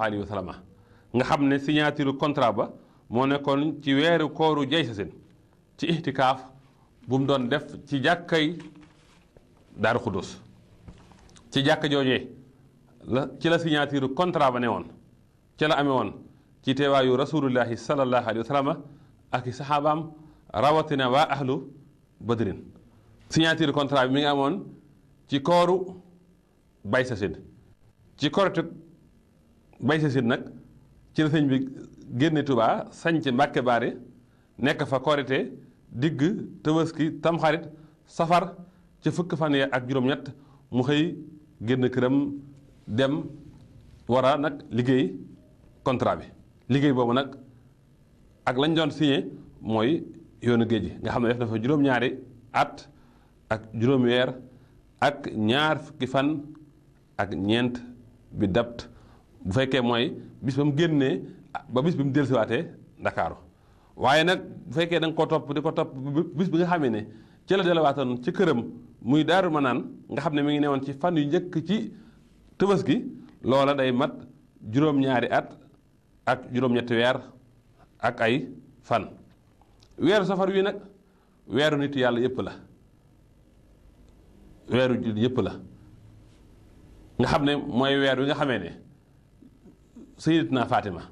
sallallahu alayhi wa sallam nga xam ne signature contrat ba moo nekkoon ci weeru kooru jay sa ci ixtikaaf bu mu doon def ci jàkkay daaru xudus ci jàkka jooje la ci la signature contrat ba ne woon ci la amee woon ci teewaayu rasulullahi sallallahu alayhi wa sallam ak i saxaabaam rawatina waa ahlu badrin signature contrat bi mi ngi amoon ci kooru bay sasin ci korite bay sa sit nag ci la sëñ bi génne Touba sañc Mbàkke Baari nekk fa korite digg Tabaski Tamxarit safar ca fukk fan yi ak juróom-ñett mu xëy génn këram dem war nag liggéey contrat bi liggéey boobu nag ak lañ doon signé mooy yoonu géej gi nga xam ne def na fa juróom-ñaari at ak juróom weer ak ñaar fukki fan ak ñeent bi dapt bu fekkee mooy bis ba mu génnee ba bis bi mu dellusiwaatee ndakaaru waaye nag bu fekkee da ko topp di ko topp bis bi nga xamee ne ci la delluwaatoon ci këram muy daaru ma naan nga xam ne mi ngi woon ci fan yu njëkk ci tëbës gi loola day mat juróom-ñaari at ak juróom-ñetti weer ak ay fan weeru safar wi nag weeru nit yàlla yëpp la weeru jullit yëpp la nga xam ne mooy weer wi nga xamee ne sayidatuna Fatima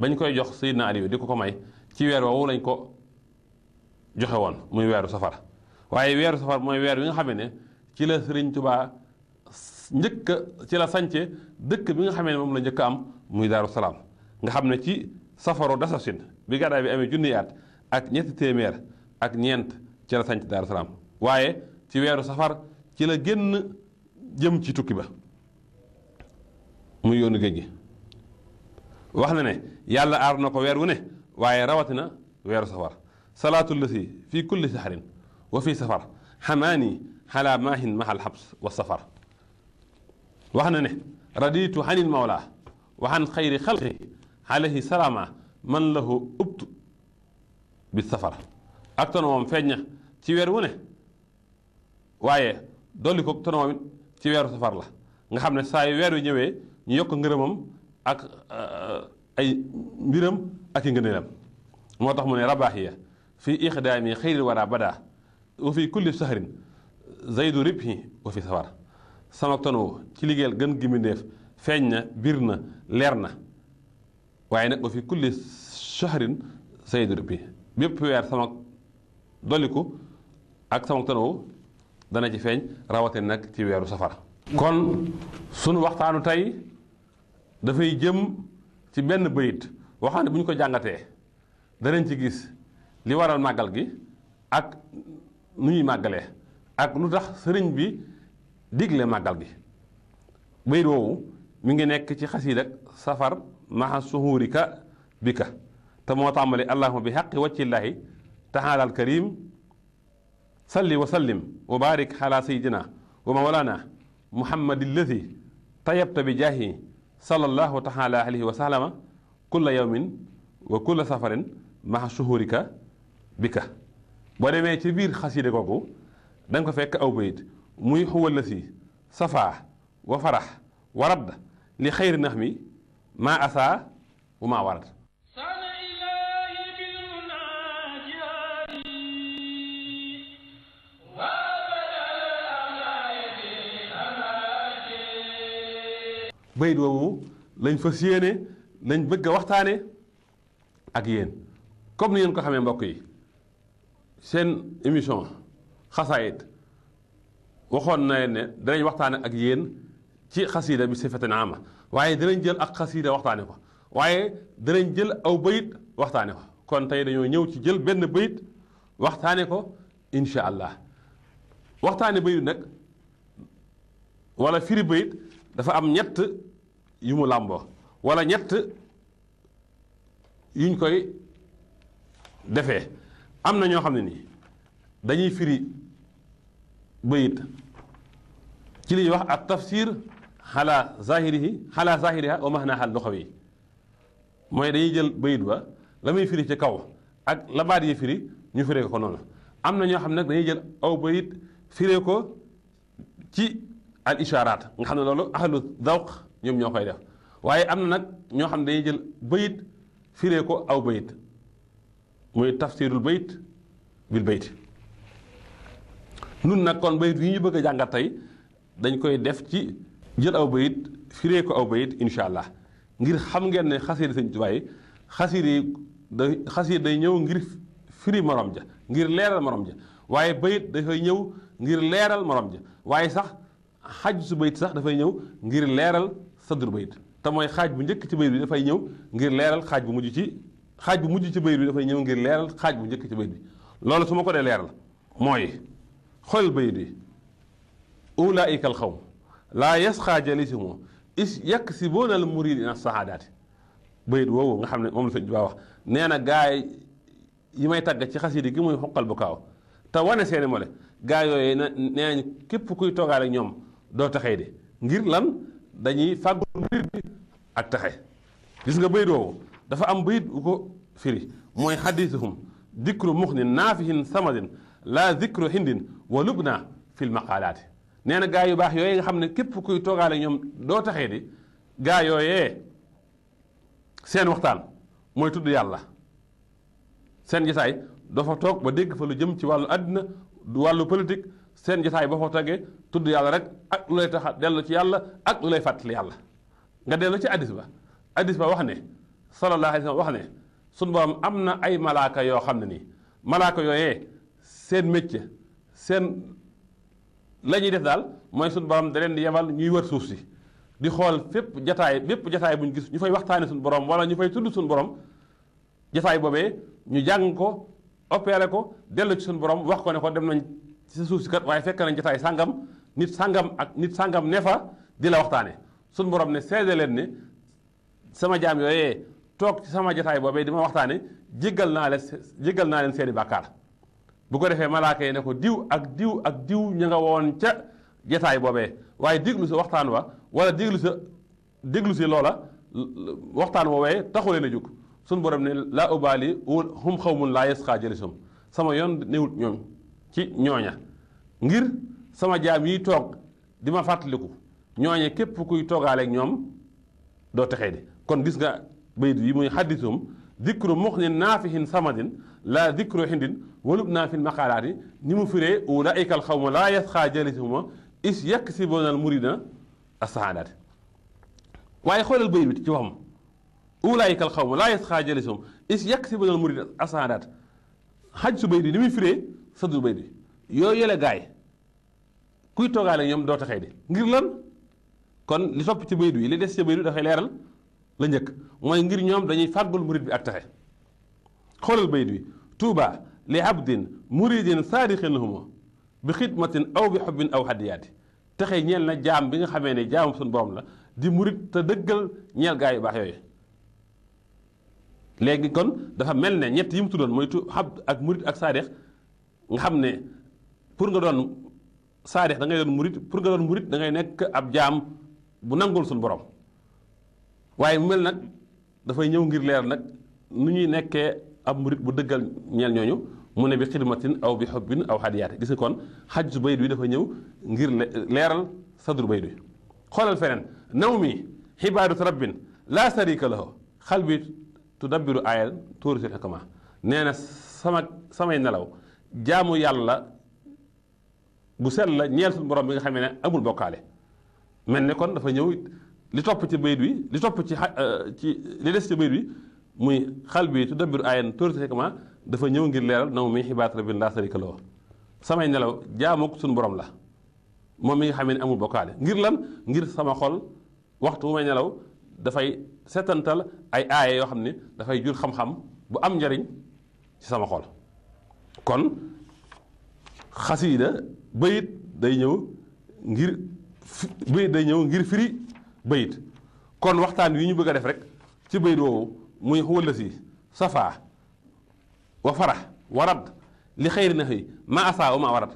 bañ koy jox sayidna Aliyu di ko ko may ci weer woowu lañ ko joxe woon muy weeru safar waaye weeru safar mooy weer wi nga xam ne ci la Sëriñ Tubaa njëkk ci la sànce dëkk bi nga xamee ne moom la njëkk am muy Daaru Salaam nga xam ne ci safaru dasasin bi gàddaay bi amee junni at ak ñetti téeméer ak ñeent ci la sànc Daaru Salaam waaye ci weeru safar ci la génn jëm ci tukki ba muy yoonu géej gi wax na ne yàlla aar na ko weer wu ne waaye rawatina weeru safar salaatu lasi fi kulli saxarin wa fi safar xamaani xalaa maahin maxal xabs wa safar wax na ne raditu xanil mawla wa xan xayri xalqi alayhi salaama man lahu ubtu bi safar ak tonomoom feeñ na ci weer wu ne waaye dolli ko tonomoom it ci weeru safar la nga xam ne saa yu weer wi ñëwee ñu yokk ngërëmam ak ay mbiram ak i ngëneelam mu ne rabaaxiya fi ixdaami xayril wara bada wa fi kulli sahrin zaydu ribhi wa fi sawar sama tonoo ci liggéeyal gën gi mbindeef feeñ na bir na leer fi kulli sahrin zaydu ribhi bépp weer sama doliku ak sama tonoo dana ci feeñ rawatina nag ci weeru safar kon sunu waxtaanu tey fay jëm ci benn bayit boo xam ne bu ñu ko jàngatee danañ ci gis li waral màggal gi ak nu ñuy màggalee ak lu tax sëriñ bi digle màggal gi bayit woowu mi ngi nekk ci xasiid ak safar maha suhurika bika ka te moo tàmbali allahuma bi xaqi wàccillaahi taala al karim salli wa sallim wa barik ala sayidina wa mawlana muhammadin lazi tayabta bi jaahi صلى الله تعالى عليه وسلم كل يوم وكل سفر مع شهورك بك بريمي تي بير خاسيد غوغو دنج فك او بيت موي هو الذي صفا وفرح ورد لخير نحمي ما اسا وما ورد bayit woowu lañ fas yéene lañ bëgg a waxtaane ak yéen comme ni ngeen ko xamee mbokk yi seen émission xasaayit waxoon na leen ne danañ waxtaane ak yéen ci xasiida bi sifatan ama waaye danañ jël ak xasiida waxtaane ko waaye danañ jël aw bayit waxtaane ko kon tey dañoo ñëw ci jël benn bayit waxtaane ko incha allah waxtaane bayit nag wala firi bayit dafa am ñett yu mu làmboo wala ñett yuñ koy defee am na ñoo xam ne nii dañuy firi bayit ci li ñuy wax ak tafsir xala zahirihi xala zahiriha wa mahna xal loxaw yi dañuy jël bayit ba la firi ci kaw ak la baat yi firi ñu firee ko noonu am na ñoo xam ne nag dañuy jël aw bayit firee ko ci al isharaat nga xam ne ahlu dawq ñoom ñoo koy def waaye am na nag ñoo xam dañuy jël bayit firee ko aw bayit muy tafsirul bayit bil bayit nun nag kon bayit yi ñu bëgg a jàngat tey dañ koy def ci jël aw bayit firee ko aw bayit incha allah ngir xam ngeen ne xasiir sëñ Tuubaa yi xasiir yi da xasiir day ñëw ngir firi morom ja ngir leeral morom ja waaye bayit dafay ñëw ngir leeral morom ja waaye sax xaj su bayit sax dafay ñëw ngir leeral sadru bayit te mooy xaaj bu njëkk ci bayit bi dafay ñëw ngir leeral xaaj bu mujj ci xaaj bu mujj ci bayit bi dafay ñëw ngir leeral xaaj bu njëkk ci bayit bi loolu su ma ko dee leeral mooy xool bayit bi ulaika al xawm laa yasxaa jalisumo is yàkk si boonal muridina sahaadaati bayit woowu nga xam ne moom la sëñ Tuubaa wax nee na gaay yi may tàgg ci xasida gi muy xoqal bu kaaw te wane seeni mole gaay yooyu nee nañ képp kuy toogaale ñoom doo taxay de ngir lan dañuy fàggul jullit bi ak taxe gis nga bayit woowu dafa am bayit bu ko firi mooy xadisuhum dikru muxnin naafihin samadin la dikru hindin wa lubna fi lmaqaalaati nee na gaa yu baax yooyu nga xam ne képp kuy toogaale ñoom doo taxee di gaa yooyee seen waxtaan mooy tudd yàlla seen gisaay dafa toog ba dégg fa lu jëm ci wàllu àddina wàllu politique seen jotaay ba fa tegee tudd yàlla rek ak lu lay tax dellu ci yàlla ak lu lay fàttali yàlla nga dellu ci addis ba addis ba wax ne sallallahu alayhi wa wax ne sun borom am na ay malaaka yoo xam ne nii malaaka yooyee seen métier seen la ñuy def daal mooy sun borom da leen di yebal ñuy wër suuf si di xool fépp jataay bépp jataay bu ñu gis ñu fay waxtaane borom wala ñu fay tudd sun borom jataay boobee ñu jàng ko opéré ko dellu ci sun borom wax ko ne ko dem nañ ci sa suuf si kat waaye fekk nañ jotaay sàngam nit sàngam ak nit sàngam ne fa di la waxtaane suñ borom ne seede leen ne sama jaam yooyee toog ci sama jotaay boobee di waxtaane jéggal naa leen jéggal naa leen seeni bàkkaar bu ko defee malaaka yi ne ko diw ak diw ak diw ña nga woon ca jotaay boobee waaye déglu sa waxtaan wa wala déglu sa déglu si loola waxtaan woowee taxu leen a jóg suñ borom ne laa ubaali xaw mun laa yasqaa jëlisum sama yoon newut ñoom ci ñooña ngir sama jaam yi toog di ma fàttaliku ñooña képp kuy toogaaleeg ñoom doo texee de kon gis nga bayit yi muy xaddisum dikru muxnin naafihin samadin la dikru hindin walub naa fi maqaalaat yi ni mu firee ulaika al laa yasxaa is yaksiboona al murida asaadaati waaye xoolal bayit bi ci waxam ulaika al laa yasxaa jalisihum is yaksiboona al murida asaadaat xaj su bayit yi ni muy firee sëb yu bay bi yooyu yële gaay kuy toogaale ñoom doo taxee de ngir lan kon li topp ci baydu yi li des ci baydu dafay leeral la njëkk mooy ngir ñoom dañuy fàggul murid bi ak taxe xoolal baydu yi tuuba li abdin muridin saadixin lahuma bi xidmatin aw bi xubbin aw xadiyaati taxe ñeel na jaam bi nga xamee ne jaamu suñu boom la di murid te dëggal ñeel gaa yu baax yooyu léegi kon dafa mel ne ñett yi mu tuddoon mooy tu abd ak murid ak saadix nga xam ne pour nga doon saadix da ngay doon murit pour nga doon murit da nekk ab jaam bu nangul suñu borom waaye mu mel nag dafay ñëw ngir leer nag nu ñuy nekkee ab murit bu dëggal ñeel ñooñu mu ne bi xidmatin aw bi xobbin aw xadiyaate gis nga kon xaj su bayt bi dafa ñëw ngir leeral sadru bayt bi xoolal feneen naw mi xibaadut rabbin laa sarika lahu xal bi tudabbiru aayal tuurisul xikma nee na sama samay nelaw jaamu yàlla bu sel la ñeel sun borom bi nga xamee ne amul bokkaale mel ne kon dafa ñëw li topp ci bayit wi li topp ci ci li des ci bayit wi muy xal bi tudabbiru ayen théoriquement dafa ñëw ngir leeral naw mi xibaat rabbin la sarika lahu samay nelaw jaamook sun borom la moom mi nga xamee ne amul bokkaale ngir lan ngir sama xol waxtu bu may nelaw dafay setantal ay aaya yoo xam ne dafay jur xam-xam bu am njariñ ci sama xol kon xasiida bayit day ñëw ngir bayit day ñëw ngir firi bayit kon waxtaan wi ñu bëgg a def rek ci bayit woowu muy xuwalasi safaa wa farax warad li xëyri na xëy ma asaa wa ma warad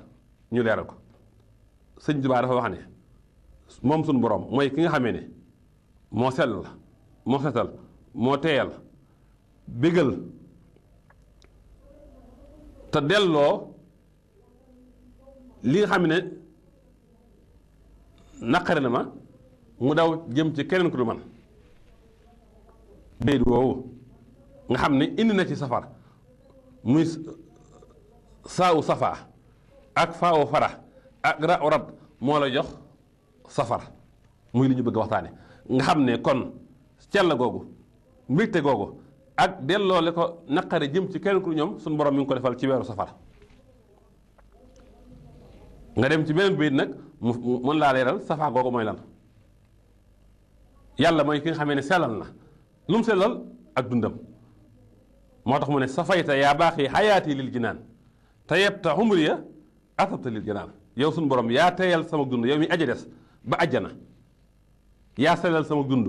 ñu leeral ko sëñ Tuubaa dafa wax ne moom suñu borom mooy ki nga xamee ne moo sell moo setal moo teeyal bégal te delloo li nga xam ne naqare na ma mu daw jëm ci keneen ku du man béy woowu nga xam ni indi na ci safar muy saawu safaa ak faawu fara ak ra rab moo la jox safar muy li ñu bëgg waxtaane nga xam ne kon cell googu mbégte googu ak delloole ko naqare jëm ci kenn ku ñoom suñu borom mi ngi ko defal ci weeru safar nga dem ci beneen bayit nag mu mën laa leeral safar googu mooy lan yàlla mooy ki nga xamee ne sellal na lu mu sellal ak dundam moo tax mu ne safayta yaa yi xayaati lil jinaan tayebta umriya atabta lil jinaan yow suñu borom yaa teyal sama dund yow mi aja des ba ajjana yaa sellal sama dund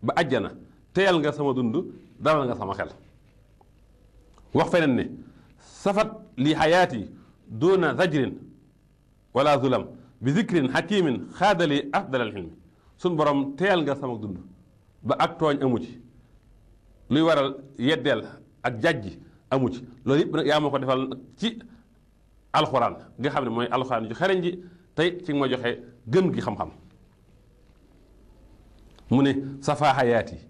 ba ajjana teyal nga sama dund dalal nga sama xel wax feneen ne safat li xayaati duna zajrin wala zulam bi zikrin xakimin xaadali afdal al xilmi suñ borom teel nga sama dund ba ak tooñ amu ci luy waral yeddeel ak jajji amu ci loolu yëpp nag yaa ma ko defal ci alxuraan nga xam ne mooy alxuraan ji xereñ ji tey ci ma joxe gën gi xam-xam mu ne safa xayaati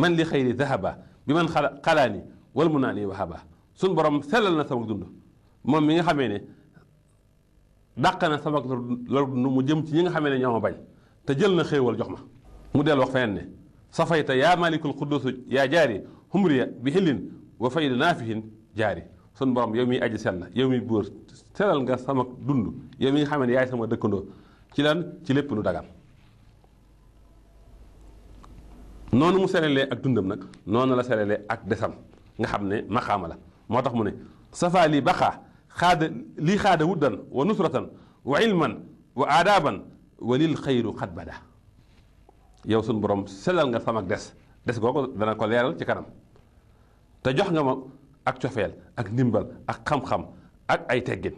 man li xëyri dahaba bi man xala ni wal mu naa nii wahaba suñ borom sellal na sama dund moom mi nga xamee ne dàq na sama lor dund mu jëm ci ñi nga xamee ne ñoo bañ te jël na xéewal jox ma mu del wax feneen ne safayta yaa malikul quddus yaa jaari humriya bi xillin wa fayda naafihin jaari sun borom yow miy aji sell yow mi buur sellal nga sama dund yow mi nga xamee ne yaay sama dëkkandoo ci lan ci lépp lu dagan noonu mu selelee ak tundam nag noonu la selelee ak desam nga xam ne maxaama la moo tax mu ne safa li baxa xaada lii xaada wuddan wa nusratan wa ilman wa aadaban wa lil xayru xat bada yow suñu borom selal nga sama des des googu dana ko leeral ci kanam te jox nga ma ak cofeel ak ndimbal ak xam-xam ak ay teggin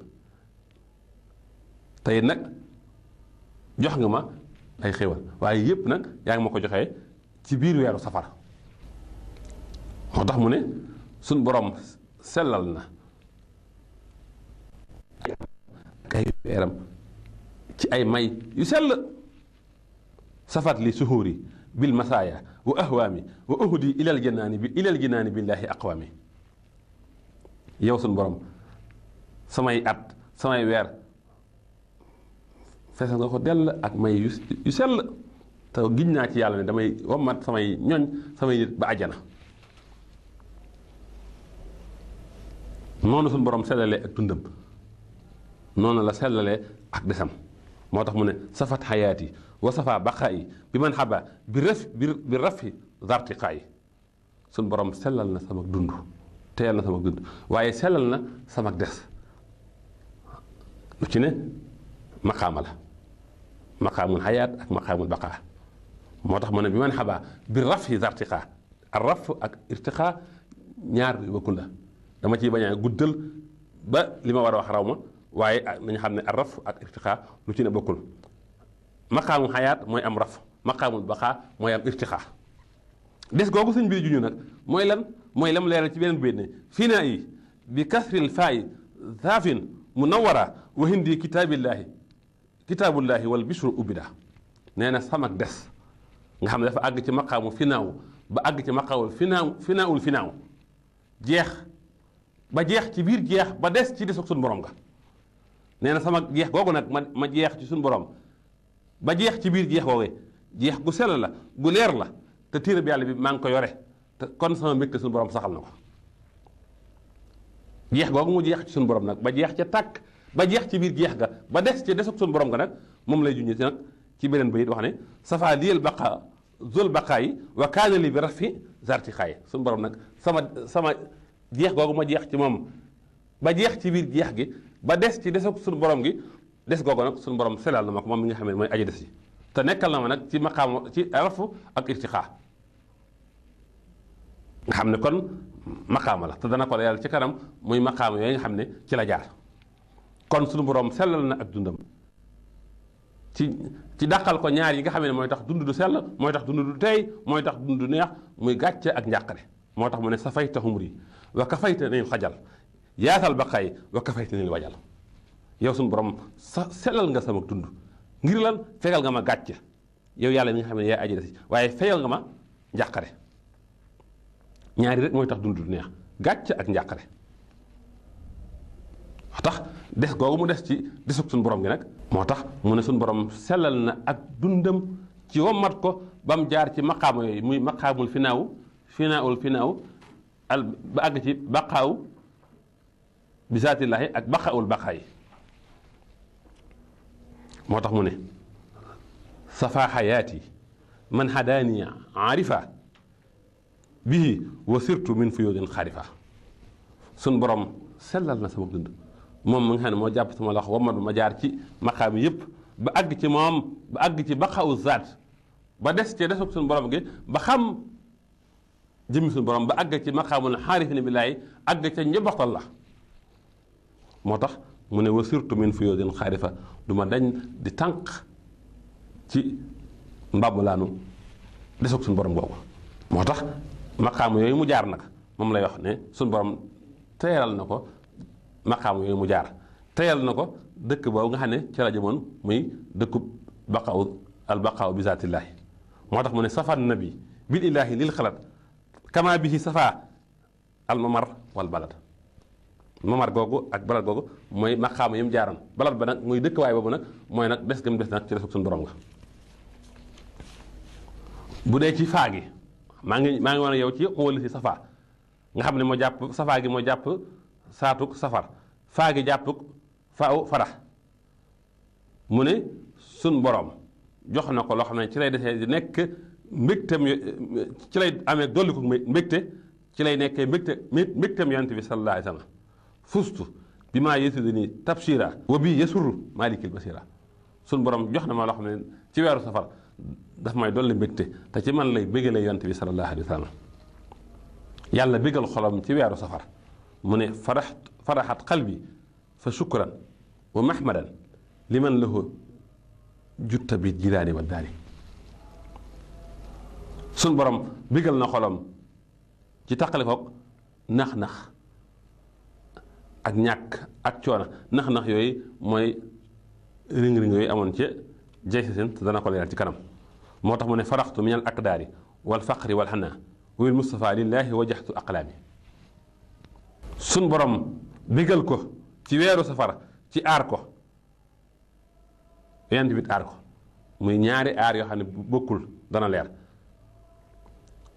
tey nag jox nga ma ay xéwal waaye yépp nag yaa ngi ma ko joxee تبير ويا سفر خطه مني سن برام سللنا كاي بيرم اي ماي يسل سفر لي سهوري بالمسايا واهوامي واهدي الى الجنان الى الجنان بالله اقوامي يو سن برام سماي ات سماي وير فسان خو دل اك ماي يسل يس يس يس يس يس يس يس يس te giñ naa ci yàlla ne damay wammat samay ñoñ samay nit ba àjjana noonu suñu borom sellalee ak tundam noonu la sellalee ak desam moo tax mu ne safat xayaati wa safa baqaayi bi man xaba bi ref bi rafi zartiqaayi suñu borom sellal na sama dund teyal na sama dund waaye sellal na sama des lu ci ne maqaama la maqaamul xayaat ak maqaamul baqaa موضح من بمن حبا بالرف ذا ارتقاء الرف ارتقاء نار وكلا لما تيجي بني جدل ب لما وراء حرامة واي من حبنا الرف ارتقاء لتينا بكل مقام الحياة ما يام رف مقام البقاء ما يام ارتقاء بس جوجو سن بيجي نك ما يلم ما يلم لا يرتبي بين بيني فينا اي بكثر الفاء ذاف منورة وهندي كتاب الله كتاب الله والبشر أبدا نحن سمك دس nga xam ne dafa àgg ci maqaamu finaaw ba àgg ci maqaamu finaaw finaawul finaaw jeex ba jeex ci biir jeex ba des ci desug suñu borom nga nee na sama jeex googu nag ma ma jeex ci suñu borom ba jeex ci biir jeex jeex gu sell la gu leer la te téere bi yàlla bi maa ngi ko yore te kon sama mbégte suñu borom saxal na ko jeex googu mu jeex ci suñu borom nag ba jeex ca tàkk ba jeex ci biir jeex ba des ci desug suñu borom nga nag moom lay junjee nag ci beneen bayit wax ne safa liyal baqa zul baqaayi wa kaana li bi rafi zarti xaay suñu borom nag sama sama jeex googu ma jeex ci moom ba jeex ci biir jeex gi ba des ci desag suñu borom gi des googu nag suñu borom selal na ma ko moom mi nga xam ne mooy aji des te nekkal na ma nag ci maqaam ci rafu ak irtiqaa nga xam ne kon maqaama la te dana ko la yàlla ci kanam muy maqaama yooyu nga xam ne ci la jaar kon suñu borom sellal na ak dundam ci ci dàqal ko ñaar yi nga xamne moy tax dundu du sel moy tax dundu du tay moy tax dundu du neex muy gatcha ak ñakare moo tax mu ne safayta humri wa kafayta nañu xajal yaatal baqay wa kafayta nañu wajal yow sun borom selal nga sama dundu ngir lan fegal nga ma gatcha yow yalla mi nga xamne ya aji dess waye fegal nga ma ñakare ñaari rek moy tax dundu du neex gatcha ak ñakare tax des googu mu des ci desug sun borom gi nak motax mo ne sun borom selal na ak dundam ci wommat ko bam jaar ci maqam muy maqamul finaw finaul finaw al ba àgg ci baqaaw bisaatillahi ak baqaul baqay motax mo ne safa hayati man hadani arifa bi wasirtu min fuyudin kharifa sun borom selal na sama dundam moom mi nga xam ne moo jàpp sama loxo wamadu ma jaar ci maqaam yépp ba àgg ci moom ba àgg ci ba xaw zaat ba des ci desug suñu borom gi ba xam jëmmi borom ba àgg ci maqaamul xaarifina billaay àgg ca njabootal la moo tax mu ne wa surtout min fu yoo din xaarifa du ma dañ di tànq ci mbàmbulaanu desug suñu borom googu moo tax maqaam yooyu mu jaar nag moom la wax ne suñu borom teeral na ko maqaam yooyu mu jaar teyal na ko dëkk boobu nga xam ne ca la jëmoon muy dëkku baqaaw al baqaaw bi zaatillaahi moo tax mu ne safan nabi bil ilaahi lil xalat kama bihi safaa al mamar wal balad mamar googu ak balad googu mooy maqaam yi mu jaaroon balad ba nag dëkk dëkkwaay boobu nag mooy nag des gëm des nag ci resug suñu borom nga bu dee ci faa gi maa ngi maa ngi woon yow ci wëllu si safaa nga xam ne moo jàpp safaa gi moo jàpp saatuk safar faagi jàppuk faaw farax mu ne sun borom jox na ko loo xam ne ci lay desee di nekk mbégteem ci lay amee dolli mbégte ci lay nekkee mbégte mbégteem yonent bi sallallahu alayhi sallam fustu bi maa yësudi nii tabshira wa bii yasuru maalikil basira sun borom jox na ma loo xam ne ci weeru safar daf may dolli mbégte te ci man lay bégalee yonent bi sallallahu alayhi sallam yàlla bégal xolam ci weeru safar mu ne farax faraxat qalbi fa shukran wa mahmadan liman lahu jutta bi jilaani wa daari sun borom bigal na xolom ci taqale koog nax-nax ak ñàkk ak coono nax-nax yooyu mooy ring-ring yooyu amoon ci jay si te dana ko leeral ci kanam moo tax mu ne faraxtu min al aqdaari wal faqri wal xanaa wil mustapha lillaahi wajaxtu aqlaami sun borom digal ko ci wéru safara ci aar ko yonent bi aar ko muy ñaari aar yo xamne bokul dana leer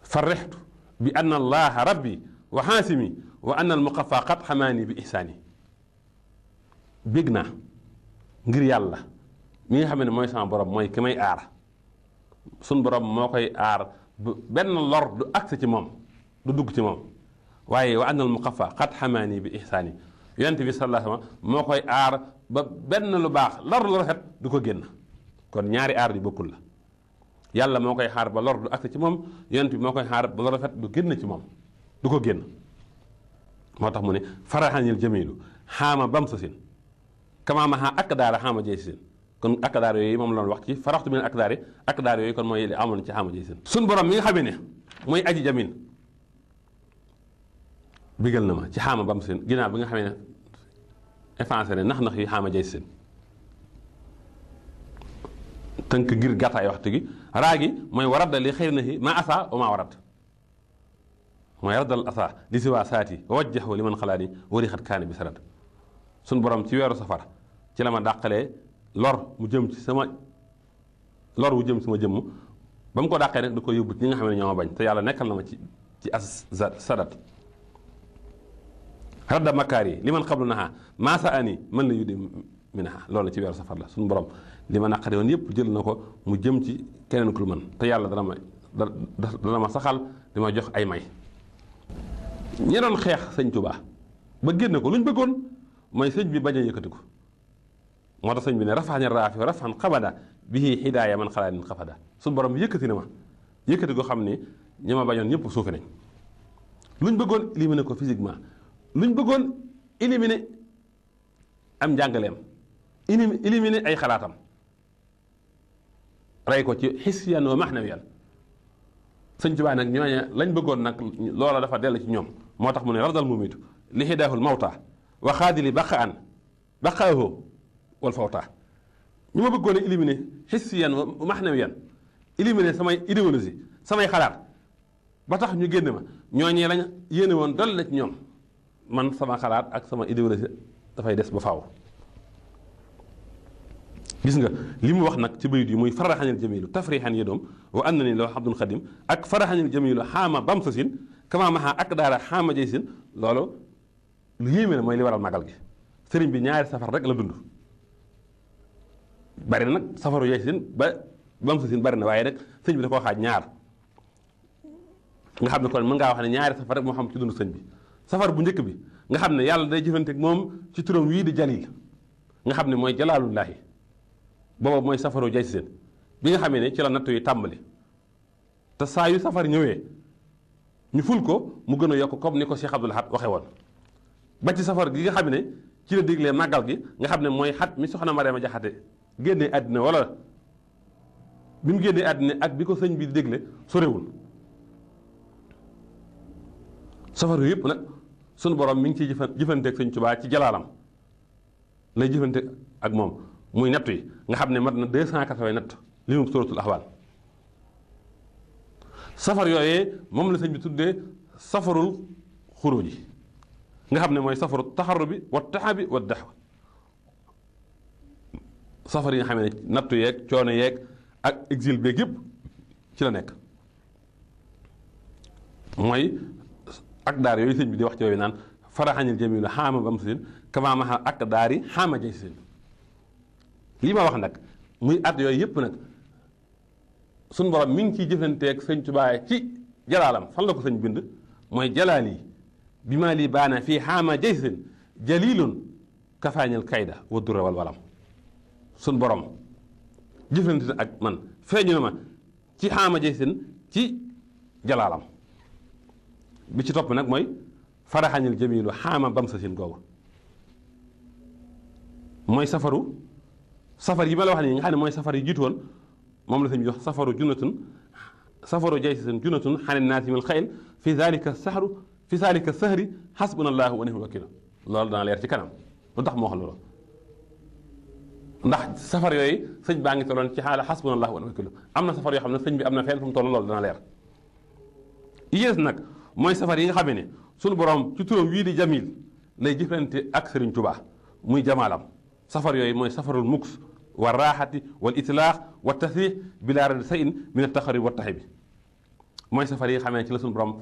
farahtu bi anna allah rabbi wa hasimi wa anna al muqaffa qad hamani bi ihsani bigna ngir yàlla mi nga xamne moy sama borom moy kimay may aar sun borom mokay koy aar benn lor du ak ci mom du dugg ci mom waaye wa anna al muqaffa qad xamaani bi ihsaani yonent bi sallallahu alayhi wa sallam moo koy aar ba benn lu baax lor lu rafet du ko génn kon ñaari aar yu bokkul la yàlla moo koy xaar ba lor du agsi ci moom yonent bi moo koy xaar ba lu rafet du génn ci moom du ko génn moo tax mu ne faraxanil jamilu xaama bam sa sin kamaa ma xaa ak daara xaama jey sin kon ak daar yooyu moom loon wax ci faraxtu min ak daar yi ak daar yooyu kon mooy amoon ci xaama jey sin sun borom mi nga xamee ne mooy aji jamin bigal na ma ci xaama mu seen ginnaaw bi nga xamee ne effacé ne nax-nax yi xaama jay seen tënk ngir gàttaay waxtu gi raa gi mooy waradda li xëy na si maa wa maa warad mooy raddal asa di si waa saati wa wajjahu li man xalaat yi wari xat kaani bi sarat suñ borom ci weeru safar ci la ma dàqalee lor mu jëm ci sama lor wu jëm sama jëmm ba mu ko dàqee nag da ko yóbbu ñi nga xam ne ñoo ma bañ te yàlla nekkal na ma ci ci as sadat radda makari, liman man masa naha ani man la yudi minaha lolou ci wéru safar la sun borom lima ma naqare woon yépp jël nako mu jëm ci keneen ku man te yalla dana ma dana ma saxal di ma jox ay may ñi don xex touba ba genn ko luñ bëggoon bi baña a ko moo bi ne rafaxani raafi qabada bihi hidaya man xalaa nin sun suñu borom yëkëti na ma yëkëti go xamni ñima bañon ma bañoon ñëpp suufi nañ luñ bëggoon ko physiquement luñ bëggoon éliminer am njàngaleem éliminer ay xalaatam rey ko ci xisiyan wa maxnawiyan sëñ Tuubaa nag ñooñe lañ bëggoon nag loola dafa dell ci ñoom moo tax mu ne radal mumitu li xidaahul mawta wa xaadili baqa an baqaahu wal fawta ñu ma bëggoon a éliminer xisiyan wa maxnawiyan ilimine samay idéologie samay xalaat ba tax ñu génn ma ñooñee lañ yéene woon dol la ci ñoom man sama xalaat ak sama idéologie dafay des ba faaw gis nga li mu wax nag ci bayit yi muy faraxanil jamilu tafrixan yedoom wa and na ni loo xabdul xadim ak faraxanil jamilu xaama bamsa sin kama maxa ak daara xaama jay sin loolu lu yéeme la mooy li waral magal gi sëriñ bi ñaari safar rek la dund bari na nag safaru jay sin ba bamsa sin bari na waaye rek sëñ bi da koo xaaj ñaar nga xam ne kon mën ngaa wax ne ñaari safar rek moo xam ci dund sëñ bi safar bu njëkk bi nga xam ne yàlla day jëfanteeg moom ci turam wii di jalil nga xam ne mooy jalaalullaahi booba mooy safaru jay seen bi nga xamee ne ci la nattu yi tàmbali te saa yu safar ñëwee ñu ful ko mu gën a yokk comme ni ko Cheikh Abdoul Ahad waxe woon ba ci safar gi nga xam ne ci la diglee màggal gi nga xam ne mooy xat mi soxna Mariama Jaxate génnee àddina walla bi mu génnee àddina ak bi ko sëñ bi digle sorewul safar yooyu yëpp nag sunu borom mi ngi ciy jëfan jëfanteeg sëñ Tuubaa ci jalaalam lay jëfante ak moom muy natt yi nga xam ne mat na deux cent quatre-vingt natt li mu suratul ahwaal safar yooyee moom la sëñ bi tuddee safarul xuruj ji nga xam ne mooy safaru taxaru bi wa taxa bi wa daxwa safar yi nga xam ne nattu yeeg coono yeeg ak exil beeg yëpp ci la nekk mooy ak daar yooyu sëñ bi di wax ci yooyu naan faraxañal jamilu xaama ba am si kamaa maxa ak daar yi xaama jay si lii ma wax nag muy at yooyu yëpp nag suñ borom mi ngi ciy jëfanteeg sëñ Tuubaa ci jalaalam fan la ko sëñ bind mooy jalaal yi bi maa lii baana fii xaama jay si jalilun kafaañal kayda wa dura wal walam suñ borom jëfante ak man feeñu na ma ci xaama jay si ci jalaalam bi ci topp nag mooy faraxañal jamilu xaama bam sa sin googu mooy safaru safar yi ma la wax nii nga xam ne mooy safar yi jiitu woon moom la sëñ bi wax safaru junatun safaru jay sin junatun xane naasi mil xayl fi dalika saxru fi dalika sahri xasbuna allahu wa nihmal wakilu loolu dana leer ci kanam lu tax moo xam loolu ndax safar yooyu sëñ baa ngi tolloon ci xaala xasbunallahu wa ni'mal wakiil am na safar yoo xam ne sëñ bi am na fenn fu mu toll loolu dana leer yées nag mooy safar yi nga xam ne sunu borom ci turam wii di jamil lay jëflante ak Serigne Touba muy jamaalam safar yooyu mooy safarul muks wa raaxati wal itlaax wa tasrix bilaa radi sa in min a wa taxe bi mooy safar yi xamee ci la sunu borom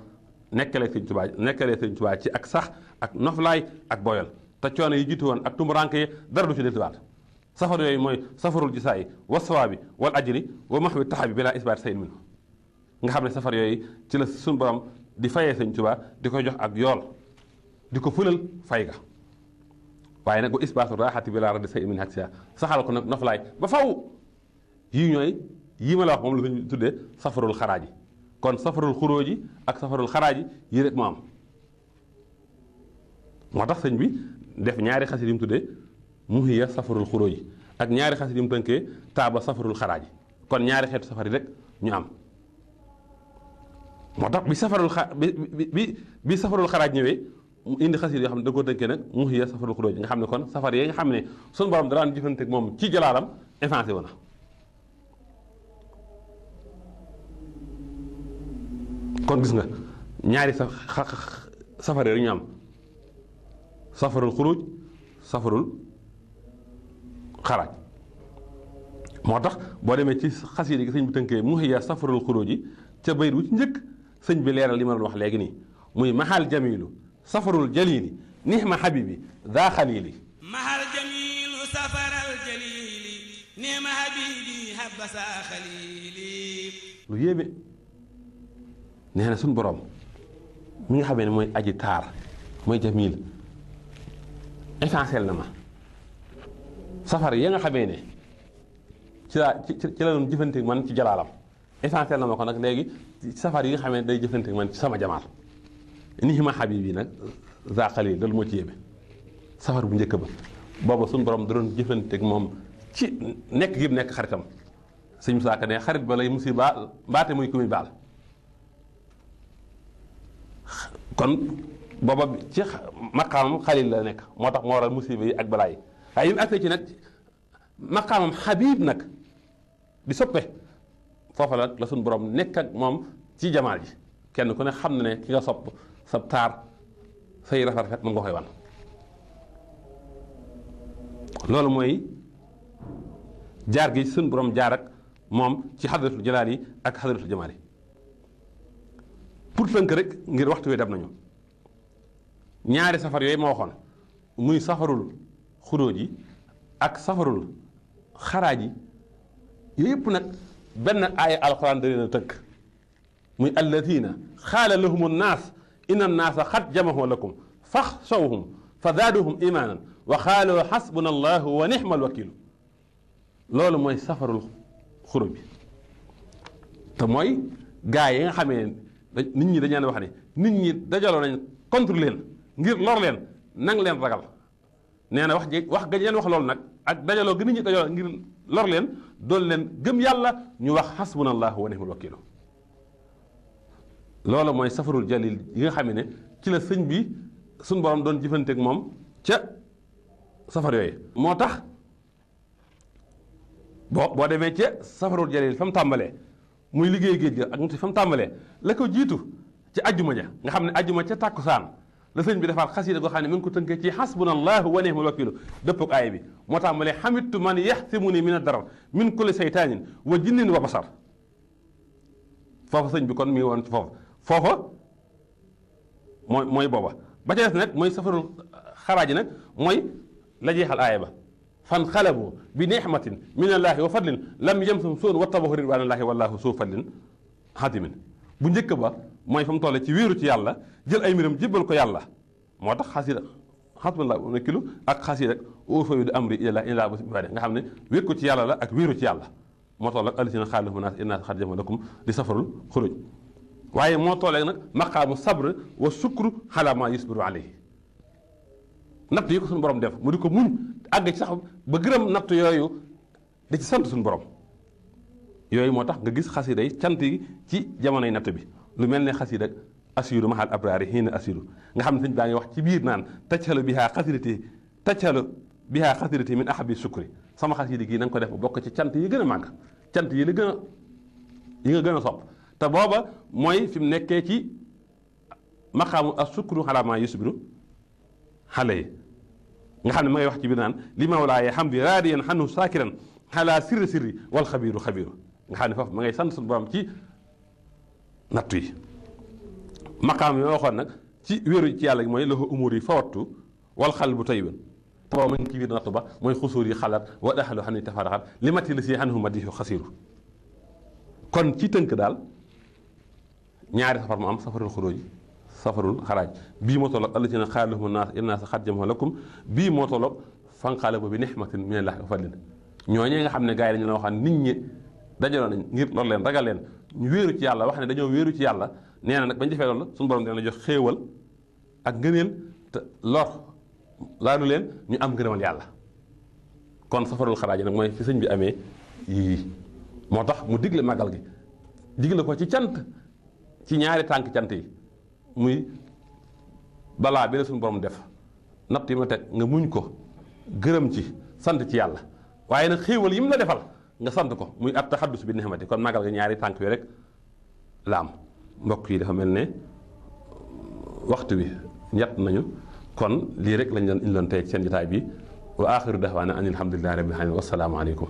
nekkalee Serigne Touba nekkalee Serigne Touba ci ak sax ak noflaay ak boyal te coono yi jiitu woon ak tumuranke yi dara du ci delluwaat safar yooyu mooy safarul jisaay wa sawaabi wal ajri wa maxwi taxa bi bilaa isbaat sa in min nga xam ne safar yooyu ci la sunu borom di faye sëñ Tuubaa di ko jox ak yool di ko fulal fay ga waaye nag bu isbaatu raaxati bi laa radi say min haksiya saxal ko nag noflaay ba faw yi ñooy yi ma la wax moom la ñu tuddee safarul xaraaji kon safarul xuróoji ak safarul xaraaji yi rek moo am moo tax sëñ bi def ñaari xasit yi mu tuddee muhiya safarul xuróoji ak ñaari xasit yi mu tënkee taaba safarul xaraaji kon ñaari xeetu safari rek ñu am moo tax bi safarul xa bi bi bi safarul xaraaj ñëwee mu indi xasir yoo xam ne da koo tënkee nag mu xiya safarul xuróoj nga xam ne kon safar yi nga xam ne sunu borom da daan jëfante moom ci jalaalam effacé wu na kon gis nga ñaari sa safar yi ñu am safarul xuruj safarul xaraaj moo tax boo demee ci xasir yi sëñ bi tënkee mu xiya safarul xuróoj yi ca bayit wu ci njëkk sëñ bi leeral li ma doon wax léegi nii muy mahal jamilu safarul jalili nihma habibi daa xalili mahal jamilu safaral jalili nihma habibi habasa xalili lu yéeme na suñ borom mi nga xamee ne mooy aji taar mooy jamil essentiel na ma safar ya nga xamee ne ci laa ci la doon jëfante man ci jalaalam essentiel na moo ko nag léegi safar yi nga xam day jëfante man ci sama jamaal ni xima xabib yi nag zaqal yi loolu moo ci yéeme safar bu njëkk ba booba suñu borom da doon jëfante moom ci nekk gi nekk xaritam sëñ Musaa Ka ne xarit ba lay musi baal mbaate muy ku muy baal kon booba ci maqaamam xalil la nekk moo tax moo waral musiba yi ak balaa yi waaye yi mu àggfee ci nag maqaamam xabib nag di soppe foofa la la suñu borom nekk ak moom ci jamaal ji kenn ku ne xam na ne ki nga sopp sa taar say rafet rafet moom nga koy wan loolu mooy jaar gi suñu boroom jaar ak moom ci xadratul jalaal yi ak xadratul jamaal yi pour tënk rek ngir waxtu wi dem nañu ñaari safar yooyu ma waxoon muy safarul xuroo ji ak safarul xaraa yi yooyu yëpp nag benn aaya alxuraan da leen a tënk muy alladina xaala lahum annaas inna annaasa xat jamahu lakum faxsawhum fa zaaduhum imaanan wa xaaloo xasbuna allahu wa nixma alwakilu loolu mooy safarul xuro bi te mooy gaa yi nga xamee nit ñi dañu leen wax ne nit ñi dajaloo nañ contre leen ngir lor leen nang leen ragal nee na wax ji wax gañ leen wax loolu nag ak dajaloo gi nit ñi dajaloo ngir lor leen دول لين گم يالا ني وخ حسبنا الله ونعم الوكيل لولا موي سفر الجليل ييغا خامي ني تي لا سيغ بي سون بوروم دون جيفنتك موم تيا سفر يوي موتاخ بو بو ديفي تيا سفر الجليل فم تامبالي موي ليغي گيج گا اك نوتي فم تامبالي لاكو جيتو تي اجوما جا nga xamne aljuma ca takusan la sëñ bi defal xasida goo xam ne mi ngi ko tënkee ci xasbuna allahu wa nihmal wakilu dëppog aay bi moo tax mu ne xamitu man yaxsimuni min darar min kulli seytaanin wa jinnin wa basar foofa sëñ bi kon mi ngi woon ci foofa foofa mooy mooy booba ba ca des nag mooy safarul xaraaji nag mooy la jeexal aaya ba fan xalabu bi nixmatin min allaahi wa fadlin lam yamsum suun wa tabahu ridwaanallaahi wallaahu suu fadlin xadimin bu njëkk ba mooy fa mu toll ci wéeru ci yàlla jël ay mbiram jébbal ko yàlla moo tax xasida xasbunallah wa nikilu ak xasida oofa yu di amri ila ila bu bari nga xam ne wéet ko ci yàlla la ak wéeru ci yàlla moo toll ak alisina xaalifu naas innaas xad jama lakum li safarul xuruj waaye moo tollee nag maqamu sabr wa sukru xalaa ma yusbiru alayhi natt yi ko sun borom def mu di ko muñ àgg ci sax ba gërëm natt yooyu di ci sant sun borom yooyu moo tax nga gis xasida yi cant yi ci jamonoy natt bi lu mel ni ne xasida asiru mahal abraari hiina asiru nga xam ne sëñ baa ngi wax ci biir naan tajxalu bihaa xasidati tajxalu bihaa xasidati min ahabi sukri sama xasida gii na nga ko def bu bokk ci cant yi gën a màgg cant yi la gën a yi nga gën a sob te booba mooy fi mu nekkee ci maqaamu asukru xalaamaa yusbiru xale yi nga xam ne ma ngay wax ci biir naan li mawlaaye hamdi raadiyan xanu saakiran xalaa sirri sirri wal xabiiru xabiiru nga xam ne foofu ma ngay sant suñu ci nattu yi maqaam yi ma waxoon nag ci wéeru ci yàlla gi mooy loxo umur yi fawattu wal xal bu tayyibun booba ma ngi ci biir nattu ba mooy xusuur yi xalaat wa daxalu xam ne tafaraxat li matti la si xan huma dixu xasiru kon ci tënk daal ñaari safar mu am safarul xuróoj safarul xaraaj bii moo tolloog alla ci ne xaalahum naas ilna sa xat jamaha lakum bii moo tolloog fanqaale boobu nixmatin min allah fadlin ñooñee nga xam ne gars yi dañu la waxaan nit ñi dajaloon nañ ngir lor leen ragal leen ñu wéeru ci yàlla wax ne dañoo wéeru ci yàlla nee na nag bañ defee loolu suñu borom dina la jox xéewal ak ngëneel te lor laalu leen ñu am ngërëmal yàlla kon safarul nag mooy fi sëñ bi amee moo tax mu digle màggal gi digle ko ci cant ci ñaari tànk cant yi muy balaa bi la suñu borom def natt yi ma teg nga muñ ko gërëm ci sant ci yàlla waaye nag xéewal yi mu la defal nga sant ko muy ab taxaddus bi nehmati kon magal nga ñaari tànk wi rek la am mbokk yi dafa mel ne waxtu wi ñett nañu kon lii rek lañ leen indiloon tey seen jotaay bi wa axiru dahwaana an alhamdulillahi rabbil alamin wassalaamu alaykum